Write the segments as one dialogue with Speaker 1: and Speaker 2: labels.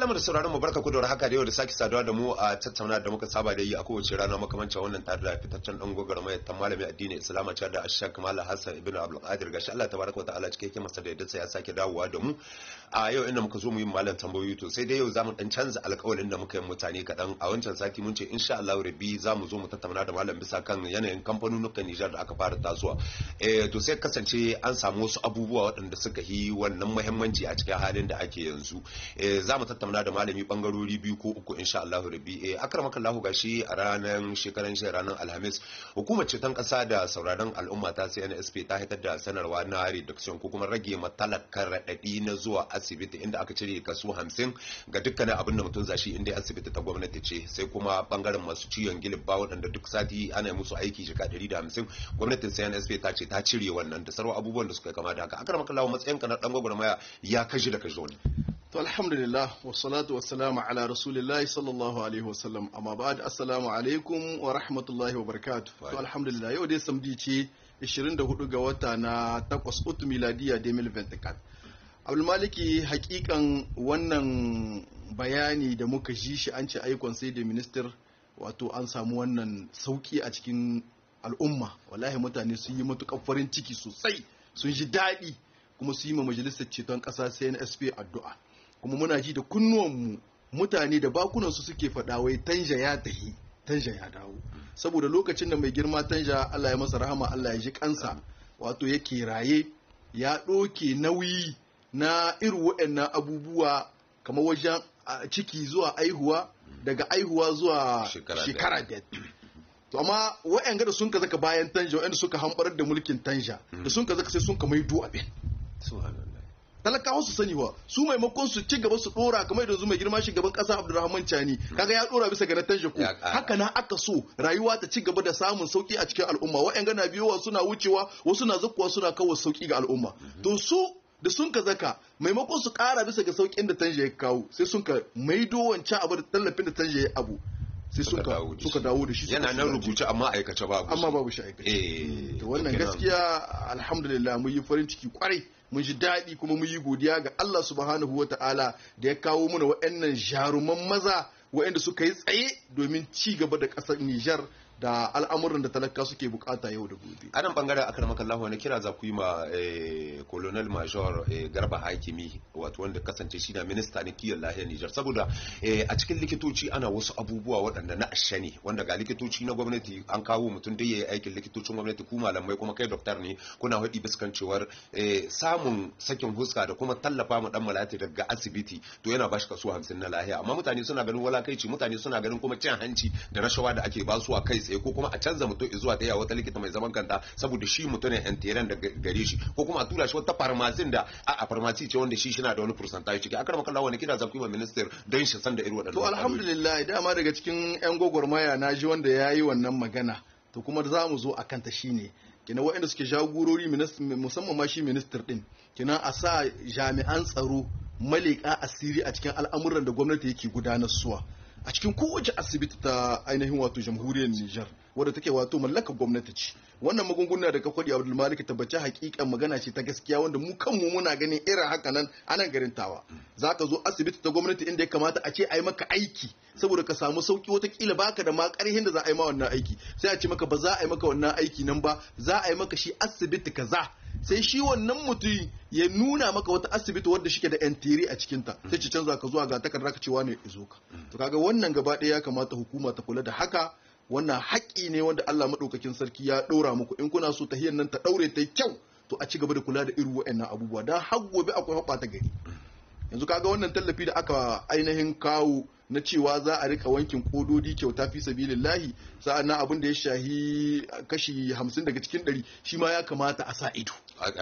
Speaker 1: masu da sauraron mu barka ku da haka da yau da sake saduwa da mu a tattauna da muka saba da yi a kowace rana makamancin wannan tare da fitaccen dan gwagwarmaya ta malami addinin islama ta da ashak malam hassan ibnu abdul qadir gashi Allah tabaraka wa ta'ala cike yake masa da yadda ya sake dawowa da mu a yau inda muka zo mu yi malam tambayoyi to sai dai yau zamu dan canza alƙawarin da muka yi mutane kaɗan a wancan sati mun ce insha Allah rabi zamu zo mu tattauna da malam bisa kan yanayin kamfanonukan Nijar da aka fara tasowa eh to sai kasance an samu wasu abubuwa waɗanda suka yi wannan muhimmanci a cikin halin da ake yanzu eh zamu tattauna da malami bangarori biyu ko uku insha Allah rabi eh akramaka Allah gashi a ranar shekaran shi ranar Alhamis hukumar ceton ƙasa da sauraron al'umma ta CNSP ta hitar da sanarwa na reduction ko kuma rage matalakar raɗaɗi na zuwa asibiti inda aka cire kaso hamsin ga dukkanin abin da mutum zashi inda asibiti ta gwamnati ce sai kuma bangaren masu ciwon gilib ba waɗanda duk sati ana musu aiki shiga ɗari da hamsin gwamnatin cnsp ta ce ta cire wannan da sarwa abubuwan da suka kama da haka akar maka lawo matsayin ka na ɗan gwagwarmaya ya kashi da kashi wani
Speaker 2: to alhamdulillah wa salatu wa salamu ala rasulillahi sallallahu alaihi wa sallam amma ba'ad assalamu alaikum wa rahmatullahi wa barakatuh to alhamdulillah yau dai samdi ce 24 ga wata na 8 miladiya 2024 abdulmaliki hakikan wannan bayani da muka ji shi an ce aikon sai da minister wato an samu wannan sauki a cikin al'umma wallahi mutane sun yi matuƙar farin ciki sosai sun ji daɗi kuma su yi ma majalisar ceton ƙasa sai na sp addu'a kuma muna ji da kunnuwanmu mutane da bakunansu suke faɗa wai tanja ya tahi tanja ya dawo saboda lokacin da mai girma tanja allah ya masa rahama allah ya ji kansa wato yake raye ya ɗoke nauyi na irin na abubuwa kamar wajen ciki zuwa aihuwa daga aihuwa zuwa shekara da to amma waɗanda da sun ka zaka bayan tanja da suka hambar da mulkin tanja da sun ka zaka sai sun ka du abin talakawa su sani wa su maimakon su ci gaba su dora kamar yanzu mai girma shugaban kasa Rahman chani kaga ya dora bisa ga na ko haka na aka so rayuwa ta ci gaba da samun sauki a cikin al'umma wa'yan gana biyowa suna wucewa wasu na zukuwa suna kawo sauki ga al'umma to su da sun ka zaka maimakon su kara bisa ga sauƙin da tanje ya kawo sai sun ka maido wancan abu da tallafin da tanje ya abu sai sun suka dawo da shi yana nan
Speaker 1: rubuce amma aikace babu amma babu shi aikace eh,
Speaker 2: hmm. to wannan gaskiya alhamdulillah mun yi farin ciki kwarai mun ji daɗi kuma mun yi godiya ga Allah subhanahu wataala da ya kawo mana waɗannan jaruman maza waɗanda suka yi tsaye domin ci gaba da ƙasar Nijar da al'amuran da talaka suke bukata yau da gobe
Speaker 1: a nan bangaren akar makallahu wani kira za ku yi ma eh, colonel major eh, garba hakimi wato wanda kasance shi na minista na kiyon lahiyar nijar saboda eh, a cikin likitoci ana wasu abubuwa waɗanda na ashe ne wanda ga likitoci na gwamnati an kawo mutum da ya yi aikin likitocin gwamnati ku malamai kuma kai doktor ne kuna haɗi biskan cewar samun sakin fuska da kuma tallafa mu dan malati daga asibiti to yana bashi kaso hamsin na lahiya amma mutane suna ganin walakaici mutane suna ganin kuma cin hanci da rashawa da ake basu a kai tsaye tsaye ko kuma a canza mutum zuwa ta wata likita mai zaman kanta saboda shi mutum ne intiran da gare shi ko kuma a tura shi wata farmasin da a farmasi ce wanda shi shi na da wani fursantaji ciki akar maka lawa ne kina zafi ma minister don shi san da irin waɗannan to alhamdulillah
Speaker 2: dama daga cikin yan gwagwarmaya na ji wanda ya yi wannan magana to kuma za mu zo a kanta ne. kina waɗanda suke jagorori musamman ma shi minister din kina a sa jami'an tsaro malika asiri a cikin al'amuran da gwamnati yake gudanar suwa? a cikin kowace asibiti ta ainihin wato jamhuriyar Nijar wadda take wato mallakar gwamnati ce wannan magunguna da kakwadi Abdul Malik tabbaci hakikan magana ce ta gaskiya wanda mu kan mu muna ganin irin haka nan anan garin tawa zaka zo asibiti ta gwamnati inda ya kamata a ce ai maka aiki saboda ka samu sauki watakila baka da ma karhin da za a yi ma wannan aiki sai a ce maka ba za a yi maka wannan aiki nan ba za a yi maka shi asibiti kaza sai shi wannan mutum ya nuna maka wata asibiti wadda shike da entiri a cikinta sai ci canza ka zuwa ga takarda ka cewa ne izo ka to kaga wannan gaba ɗaya ya kamata hukuma ta kula da haka wannan haƙƙi ne wanda Allah maɗaukakin sarki ya ɗora muku in kuna so hiyar nan ta ɗaure ta kyau to a ci gaba da kula da irin wa'annan abubuwa dan har gobe akwai ta gari yanzu kaga wannan tallafi da aka ainihin kawo na cewa za a rika wankin kododi kyauta fi sabilillahi sa'an nan abin da ya shahi kashi hamsin daga cikin ɗari shi ma ya kamata a sa ido a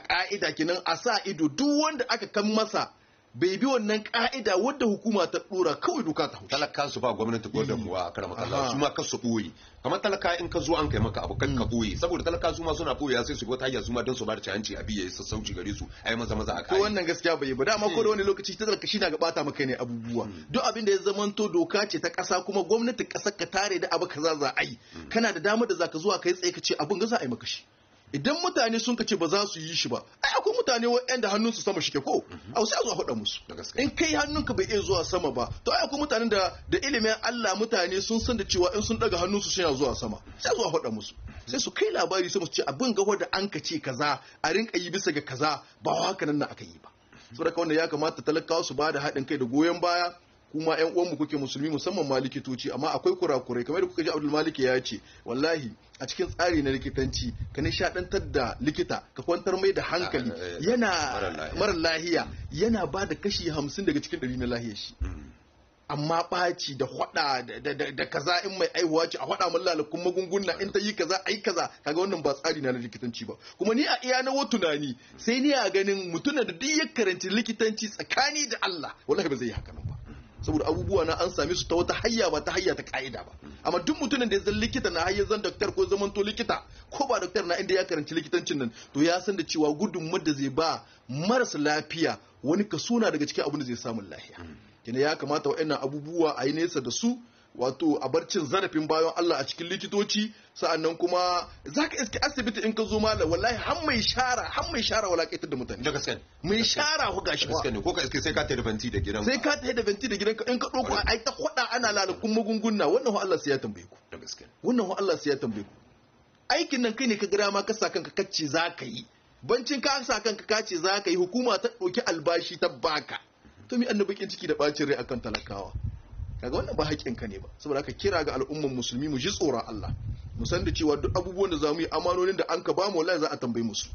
Speaker 2: ka'ida eh, kenan a sa ido duk wanda aka kan masa bai bi wannan ka'ida wadda hukuma ta dora kawai doka ta haushi talaka su ba gwamnati ko da kuwa kar makalla su ma
Speaker 1: kasu boye kamar talaka in ka zo an kai maka abu kan ka boye mm. saboda talaka su ma suna boye sai su gota ya su
Speaker 2: ma don su ba da canci a biye su sauci gare su ai maza maza a kai to wannan gaskiya bai yi ba dama ko da wani lokaci ta talaka shi na gabata maka ne abubuwa mm. duk abin da ya zamanto doka ce ta kasa kuma gwamnati kasar ka tare da abu kaza za a yi mm. kana da damar da zaka zuwa kai tsaye ka ce abun ga za a yi maka shi idan mutane sun ka ce ba za su yi shi ba ai akwai mutane waɗanda hannunsu sama shike ko mhm. a sai a zuwa musu in kai hannunka bai iya zuwa sama ba to ai akwai mutanen da da ilimin Allah mutane sun san da cewa in sun daga su suna zuwa sama sai a zuwa musu sai su kai labari sai su ce abin gawa da an ka ce kaza a rinka yi bisa ga kaza ba haka nan na aka yi ba mhm. saboda wanda ya kamata talakawa su ba da haɗin kai da goyon baya kuma yan uwan kuke musulmi musamman ma likitoci amma akwai kurakurai kamar da kuka ji Abdul Malik ya ce wallahi a cikin tsari na likitanci ka nishadantar da likita ka kwantar mai da hankali ah, eh, eh, yana mara lahiya yana ba da kashi hamsin daga cikin ɗari na lahiyar shi hmm. amma ɓaci da hwada da kaza in mai aihuwa ce a hwada kuma magunguna in ta yi kaza ai kaza kaga wannan ba tsari na likitanci ba kuma ni a iya na tunani sai ni a ganin mutum da duk ya karanci likitanci tsakani da Allah wallahi ba zai yi haka nan ba saboda abubuwa na an same su ta wata hayya ba ta hayya ta ka'ida ba amma duk mutumin da ya zan likita na hayyar zan doktor ko zaman to likita ko ba daktar na inda ya karanci likitancin nan to ya san da cewa gudun da zai ba marasa lafiya wani kaso daga cikin abin da zai samu lafiya hmm. kina ya kamata waɗannan abubuwa a yi nesa da su wato a barcin zarafin bayan Allah a cikin likitoci sa'an nan kuma za ka iske asibiti in ka zo malam wallahi har mai shara har mai shara wala kaitar da mutane da gaske mai shara ko gashi gaske ko ka iske sai ka tafi venti da gidan sai ka tafi da venti da gidan ka in ka doko ai ta kwada ana lalakun magunguna wannan ho Allah sai ya tambaye ku da wannan ho Allah sai ya tambaye ku aikin nan kai ne ka gira ma ka sa kanka kacce ka yi bancin ka sa kanka kace ka yi hukuma ta dauki albashi ta baka to mi annabi ciki da bacin rai akan talakawa kaga wannan ba haƙƙin ka ne ba saboda haka kira ga al'umman musulmi mu ji tsoron Allah mu san da cewa duk abubuwan da zamu yi amanonin da an ka ba mu wallahi za a tambaye musu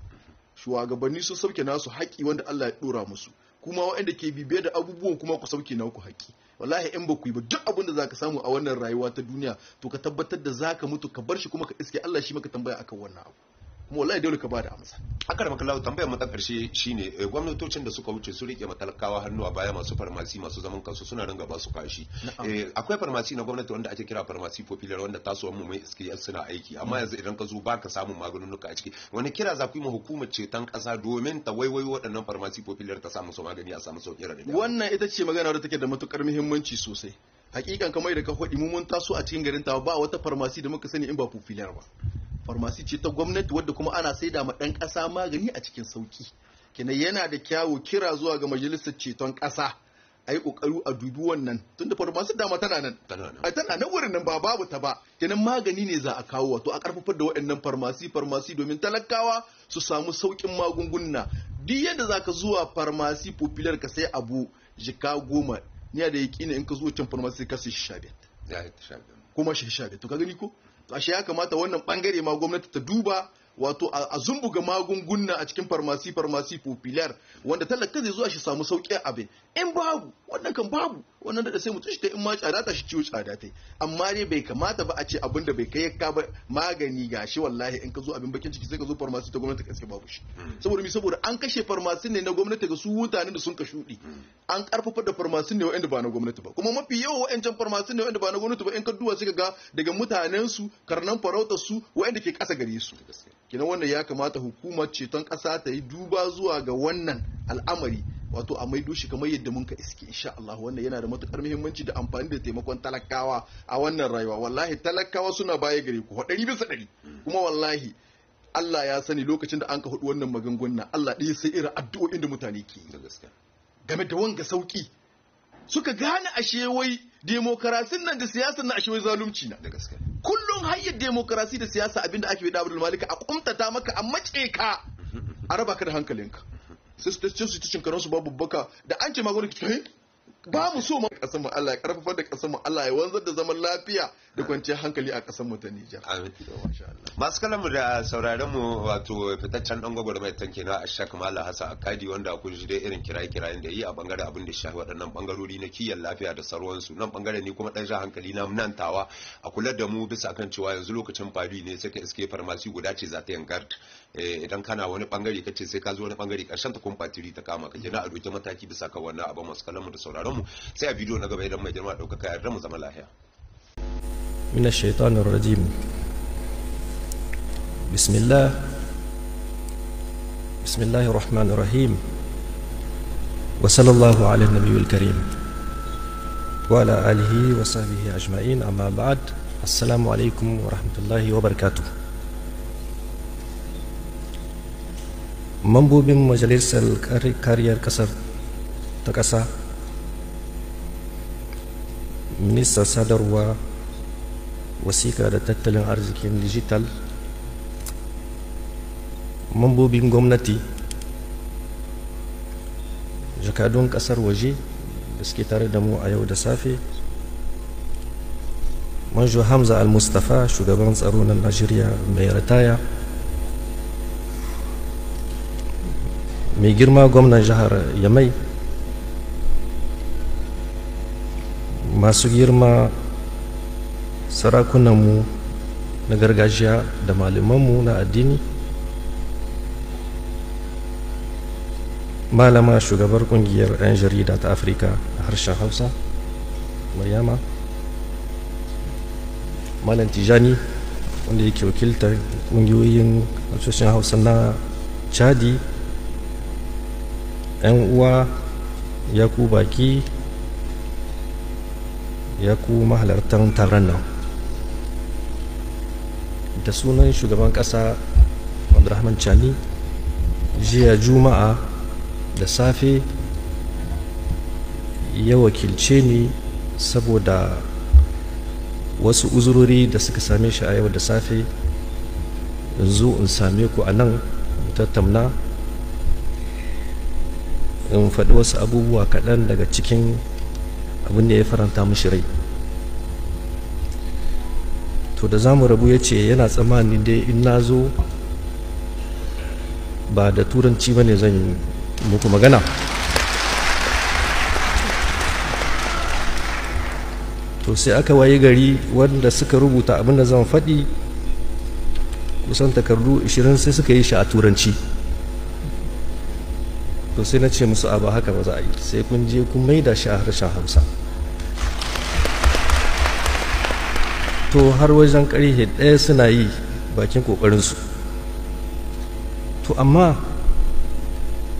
Speaker 2: shugabanni sun sauke nasu haƙi wanda Allah ya dora musu kuma waɗanda ke bibiye da abubuwan kuma ku sauke naku haƙi wallahi in ba ku yi ba duk abin da za ka samu a wannan rayuwa ta duniya to ka tabbatar da za ka mutu ka bar shi kuma ka iske Allah shi maka tambaya akan wannan abu kuma wallahi dole ka ba da amsa
Speaker 1: haka da makallahu tambayar mata karshe shine eh, gwamnatocin da suka wuce su rike matalakawa hannu a baya masu farmasi masu zaman kansu suna ringa ba su kashi eh, akwai farmasi na gwamnati wanda ake kira farmasi popular wanda taso mu mai iske suna aiki amma mm. yanzu idan ka zo baka samun maganunuka a ciki wani kira za ku yi ma
Speaker 2: hukumar ceton kasa domin ta waiwayo waɗannan farmasi popular ta samu su magani a samu sauƙi rarrabe wannan ita ce magana da take da matukar muhimmanci sosai hakikan kamar da ka faɗi mu mun taso a cikin garin ta ba wata farmasi da muka sani in ba popular ba farmasi ce ta gwamnati wadda kuma ana saida ma ɗan ƙasa magani a cikin sauki kenan yana da kyawu kira zuwa ga majalisar ceton ƙasa a yi ƙoƙari a dubi wannan tunda farmasi dama tana nan A tana nan wurin nan ba babu ta ba kenan magani ne za a kawo wato a ƙarfafar da waɗannan farmasi farmasi domin talakawa su samu sauƙin magunguna duk yadda za ka zuwa farmasi popular ka sai abu jika goma ni da yaƙi ne in ka zo can farmasi ka sai shabiyar kuma shi shabiyar to ka gani ko ashe ya kamata wannan bangare ma gwamnati ta duba wato a zumbuga magunguna a cikin farmasi farmasi popular wanda talaka zai zuwa shi samu sauki abin in babu wannan kan babu wannan da sai mutum shi ta in ma tsada ta shi ciwo tsada ta amma dai bai kamata ba a ce abin da bai kai ka ba magani gashi wallahi in ka zo abin bakin ciki sai ka zo farmasi ta gwamnati kaske babu shi hmm. saboda mi saboda an kashe farmasi ne na gwamnati ga su mutanen da sun ka shudi hmm. an karfafa da farmasi ne wa'anda ba na gwamnati ba kuma mafi yawa wa'ancan farmasi ne wa'anda ba na gwamnati ba in ka duba sai ka ga daga mutanen su karnan farautar su wa'anda ke kasa gare su kina wanda ya kamata hukumar ceton ƙasa ta yi duba zuwa ga wannan al'amari wato a maido shi kamar yadda mun ka iske insha Allah wannan yana da matukar muhimmanci da amfani da taimakon talakawa a wannan rayuwa wallahi talakawa suna baya gare ku ɗari bisa ɗari kuma wallahi Allah ya sani lokacin da an ka hudu wannan magungunan Allah ɗaya sai irin addu'o'in da mutane ke yi game da wanga sauki suka gane ashe wai demokarasin nan da siyasar na ashewai zalunci na da gaske kullum hayyar demokarasi da siyasa abinda ake bi da Abdul Malik a kumtata maka a mace ka a raba ka da hankalinka sai su tace su cin karansu babu baka da an ce magana ki ba mu so mu kasar mu Allah ya karfafa da kasar mu Allah ya wanzar da zaman lafiya da kwanciyar hankali a kasar mu ta Nijar amin
Speaker 1: masu mu da sauraron mu wato fitaccen dan mai tanke na Ashak Malam Hassan Akadi wanda ku ji dai irin kiraye-kirayen da yi a bangare abin da shafi waɗannan bangarori na kiyan lafiya da sarwan su nan bangare ne kuma dan ja hankali na nan tawa a kula da mu bisa kan cewa yanzu lokacin fadi ne sai ka iske farmasi guda ce za ta yankart eh, idan kana wani bangare kace sai ka zo wani bangare karshen ta kuma fatiri ta kama ka kina a doke mataki bisa kan wannan abin masu mu da sauraron ramu sai a bidiyo na gaba idan mai girma ɗaukaka yarda mu zama lahiya
Speaker 3: من الشيطان الرجيم بسم الله بسم الله الرحمن الرحيم وصلى الله على النبي الكريم وعلى آله وصحبه أجمعين أما بعد السلام عليكم ورحمة الله وبركاته منبوب مجلس الكارير كسر تكسر نسا صدر و وسيكا تتلن ارزكين ديجيتال مبو بين غومناتي جكادون كسر وجي بسكيتار دمو ايو دسافي منجو حمزه المصطفى شوغابان صارونا نيجيريا ميرتايا مي غيرما غومنا جهر يمي masu girma sarakunanmu na gargajiya da malamanmu na addini malama shugabar kungiyar 'yan jarida ta afirka a harshen hausa maryama malam tijani wanda yake wakiltar kungiyoyin harshen hausa na chadi 'yan uwa yaku baki ya ku mahalartan taron nan da sunan shugaban ƙasa abdulrahman chani jiya juma'a da safe ya wakilce ni saboda wasu uzurori da suka same shi a yau da safe yanzu in same ku a nan tattauna in faɗi wasu abubuwa kaɗan daga cikin abin da ya faranta mashi rai to da zamu rabu ya ce yana tsammani dai in na zo ba da turanci ba ne zan yi muku magana to sai aka waye gari wanda suka rubuta abin da zan faɗi kusan takardu 20 sai suka yi shi a turanci to sai na ce musu a ba haka ba za a yi sai kun je kun da shi a harshen hausa to har wajen karfe ɗaya suna yi bakin ƙoƙarinsu to amma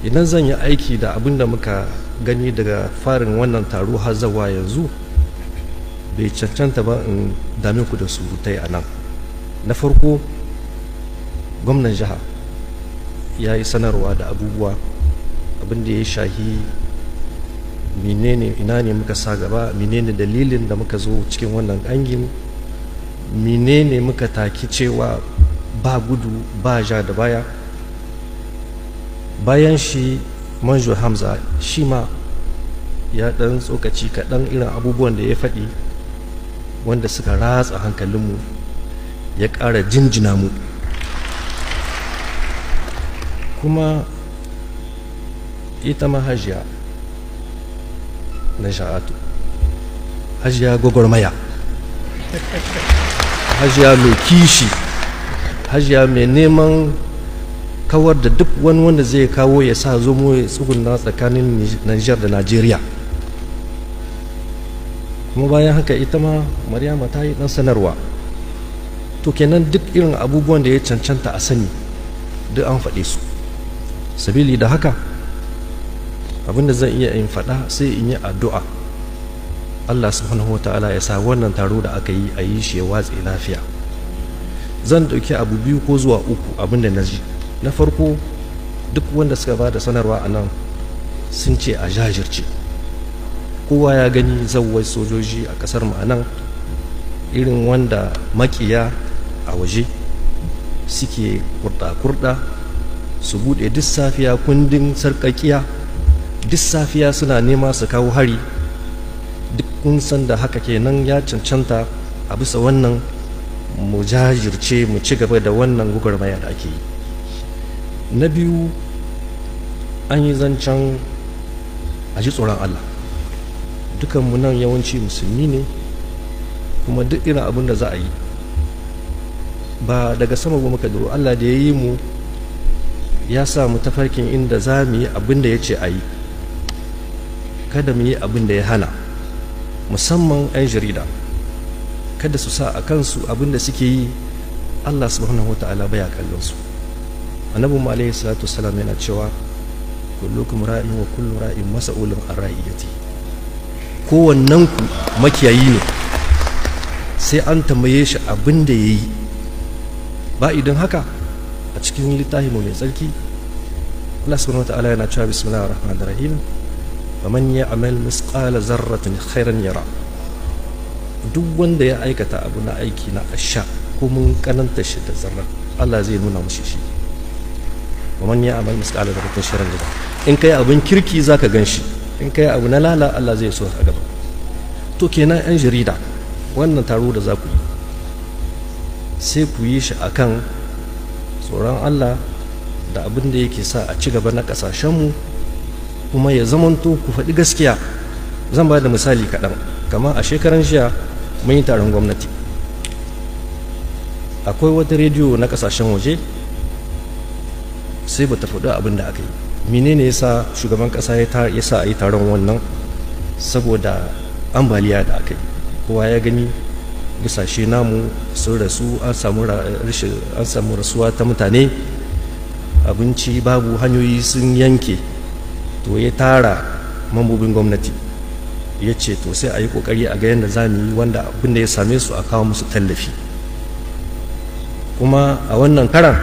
Speaker 3: idan zan yi aiki da abin da muka gani daga farin wannan taro har zawa yanzu bai cancanta ba in dame ku da surutai a nan na farko gwamnan jiha ya yi sanarwa da abubuwa abin da ya shahi menene ina ne muka sa gaba menene dalilin da muka zo cikin wannan angin menene muka taki cewa ba gudu ba ja da baya bayan shi manjo hamza shi ma ya ɗan tsokaci kaɗan irin abubuwan da ya faɗi wanda suka ratsa hankalinmu ya ƙara jinjina mu kuma ita e ma na sha'atu hajiya gwagwarmaya hajiya mai kishi hajiya mai neman kawar da duk wani wanda zai kawo ya sa zomo ya tsuguna tsakanin nijar da najeriya kuma bayan haka ita ma maryama ta yi dan sanarwa to kenan duk irin abubuwan da ya cancanta a sani duk an faɗe su sabili da haka abinda zan iya in faɗa sai in yi addu'a Allah subhanahu wa ta'ala ya sa wannan taro da aka yi a yi shi ya watse lafiya zan ɗauki abu biyu ko zuwa uku abinda na ji na farko duk wanda suka ba da sanarwa a nan sun ce a jajirce kowa ya gani zawai sojoji a ƙasar mu a nan irin wanda makiya a waje suke kurda-kurda su buɗe duk safiya kundin sarƙaƙiya duk safiya suna nema su kawo hari duk kun san da haka kenan ya cancanta a bisa wannan mu jajirce mu ci gaba da wannan gugurmaya da ake yi na biyu an yi zancen a ji tsoron allah dukanmu nan yawanci musulmi ne kuma duk irin abin da za a yi ba daga sama ba muka duro allah da ya yi mu ya sa mu tafarkin inda za mu yi abin da ya ce a yi kada mu yi abin da ya hana musamman 'yan jarida kada su sa a kansu abin da suke yi allah subhanahu ta'ala baya kallon su annabin mu salatu salam yana cewa kullukum ra'in wa kullu ra'in mas'ulun an ra'iyati kowannen ku makiyayi ne sai an tambaye shi abin da yayi ba idan haka a cikin littafi mai tsarki Allah subhanahu ta'ala yana cewa bismillahir rahmanir rahim faman ya amal misqala zarratin khairan yara duk wanda ya aikata abu na aiki na asha ko mun kananta shi da zarra Allah zai nuna mushi shi faman ya amal misqala zarratin sharran yara in kai abun kirki zaka ganshi in kai abu na lala Allah zai so a gaba to kenan yan jarida wannan taro da za ku yi sai ku yi shi akan tsoron Allah da abin da yake sa a ci gaba na kasashenmu. kuma ya zamanto ku faɗi gaskiya zan ba da misali kaɗan kamar a shekaran jiya mun yi taron gwamnati akwai wata rediyo na ƙasashen waje sai ba ta faɗi abin da aka yi menene sa shugaban ƙasa ya sa a yi taron wannan saboda ambaliya da aka yi kowa ya gani gasashe namu sun rasu an samu rasuwa ta mutane abinci babu hanyoyi sun yanke to ya tara mambobin gwamnati ya ce to sai a yi kokari a ga yadda za mu yi wanda abin da ya same su a kawo musu tallafi kuma a wannan karan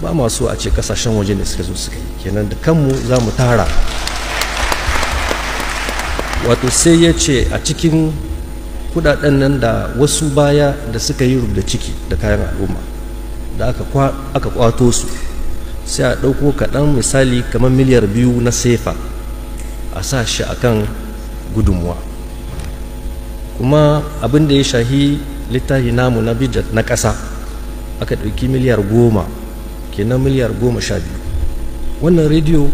Speaker 3: ba masu a ce kasashen waje ne suka zo suka yi kenan da kanmu za mu tara wato sai ya ce a cikin kudaden nan da wasu baya da suka yi rubda ciki da kayan al'umma da aka kwato su sai a ɗauko kaɗan misali kamar miliyar biyu na sefa a sa shi a kan gudunmuwa kuma abin da ya shahi littafi namu na bidat na ƙasa aka ɗauki miliyar goma kenan miliyar goma sha biyu wannan rediyo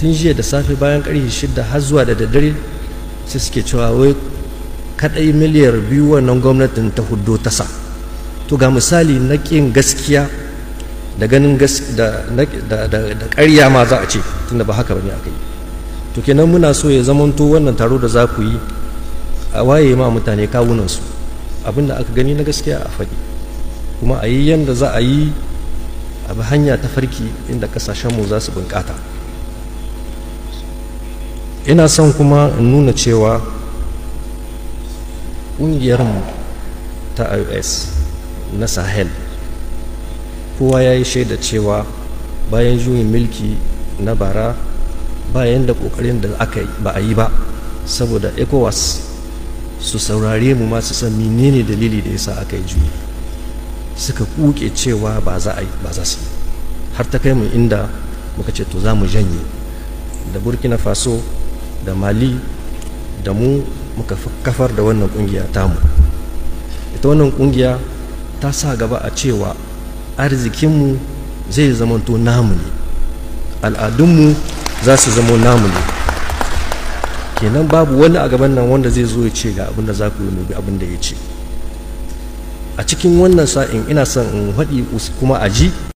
Speaker 3: tun jiya da safe bayan ƙarfe shida har zuwa da daddare sai suke cewa wai kaɗai miliyar biyu wannan gwamnatin ta hudu ta sa to ga misali na ƙin gaskiya da ganin gas da ƙarya ma za a ce tunda ba haka bane aka yi to kenan muna so ya zamanto wannan taro da za ku yi a waye ma mutane kawunan su da aka gani na gaskiya a faɗi kuma a yi yanda za a yi a bi hanya ta farki inda ƙasashenmu za su bunƙata ina son kuma in nuna cewa ƙungiyarmu ta ios na sahel kowa ya yi shaida cewa bayan juyin milki na bara bayan da kokarin da aka yi ba a yi ba saboda ecowas su saurare mu masu san menene dalili da yasa aka yi juyi suka kuke cewa ba za a yi ba za su har ta kai mu inda muka ce to za mu janye da burkina faso da mali da mu muka kafar da wannan kungiya tamu ita wannan kungiya ta sa gaba a cewa arzikinmu zai zamanto namu ne al'adunmu za su zama namu ne kenan babu wani a gaban nan wanda zai zo ya ce ga abin da za ku yi mu abinda ya ce a cikin wannan sa'in ina son in haɗi kuma a ji